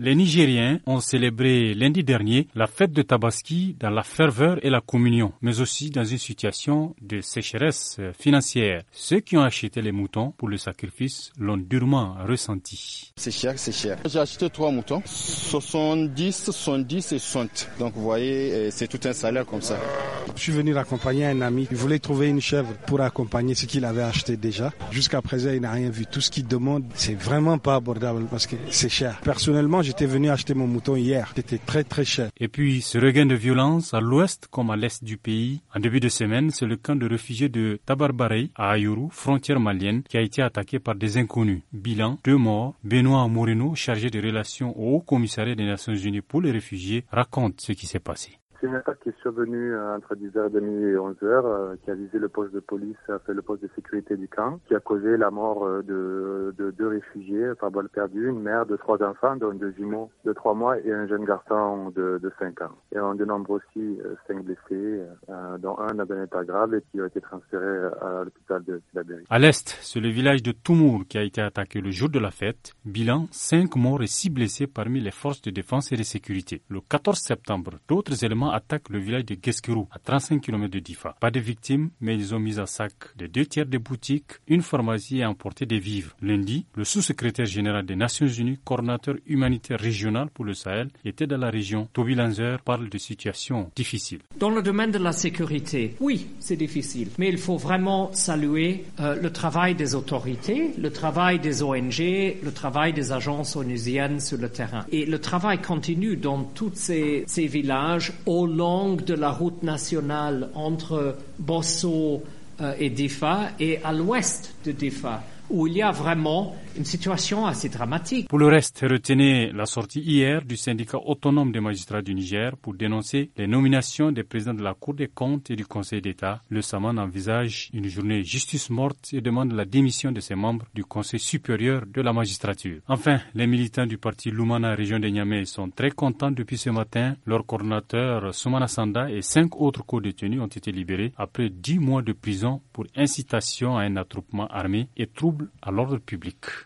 Les Nigériens ont célébré lundi dernier la fête de Tabaski dans la ferveur et la communion, mais aussi dans une situation de sécheresse financière. Ceux qui ont acheté les moutons pour le sacrifice l'ont durement ressenti. C'est cher, c'est cher. J'ai acheté trois moutons, 70, 70 et 60. Donc vous voyez, euh, c'est tout un salaire comme ça. Je suis venu accompagner un ami. Il voulait trouver une chèvre pour accompagner ce qu'il avait acheté déjà. Jusqu'à présent, il n'a rien vu. Tout ce qu'il demande, c'est vraiment pas abordable parce que c'est cher. Personnellement, j'étais venu acheter mon mouton hier. C'était très très cher. Et puis, ce regain de violence à l'ouest comme à l'est du pays, en début de semaine, c'est le camp de réfugiés de Tabarbarei à Ayuru, frontière malienne, qui a été attaqué par des inconnus. Bilan, deux morts. Benoît Moreno, chargé des relations au Haut Commissariat des Nations Unies pour les réfugiés, raconte ce qui s'est passé. C'est une attaque qui est survenue euh, entre 10 h et 11h, euh, qui a visé le poste de police, euh, fait le poste de sécurité du camp, qui a causé la mort de, deux réfugiés par balle perdue, une mère de trois enfants, dont deux jumeaux de trois mois et un jeune garçon de, cinq ans. Et on dénombre aussi cinq blessés, dont un dans un état grave et qui a été transféré à l'hôpital de Sidabéry. À l'est, c'est le village de Toumour qui a été attaqué le jour de la fête. Bilan, cinq morts et six blessés parmi les forces de défense et de sécurité. Le 14 septembre, d'autres éléments attaque le village de Geskirou, à 35 km de Difa. Pas de victimes, mais ils ont mis à sac les deux tiers des boutiques, une pharmacie et emporté des vivres. Lundi, le sous-secrétaire général des Nations Unies, coordinateur humanitaire régional pour le Sahel, était dans la région. Toby Lanzer parle de situation difficile. Dans le domaine de la sécurité, oui, c'est difficile, mais il faut vraiment saluer euh, le travail des autorités, le travail des ONG, le travail des agences onusiennes sur le terrain. Et le travail continue dans tous ces, ces villages longue de la route nationale entre Bosso euh, et Difa et à l'ouest de Difa il y a vraiment une situation assez dramatique. Pour le reste, retenez la sortie hier du syndicat autonome des magistrats du Niger pour dénoncer les nominations des présidents de la Cour des comptes et du Conseil d'État. Le Saman envisage une journée justice morte et demande la démission de ses membres du Conseil supérieur de la magistrature. Enfin, les militants du parti Lumana région de Niamey sont très contents depuis ce matin. Leur coordonnateur Soumana Sanda et cinq autres co-détenus ont été libérés après dix mois de prison pour incitation à un attroupement armé et trouble à l'ordre public.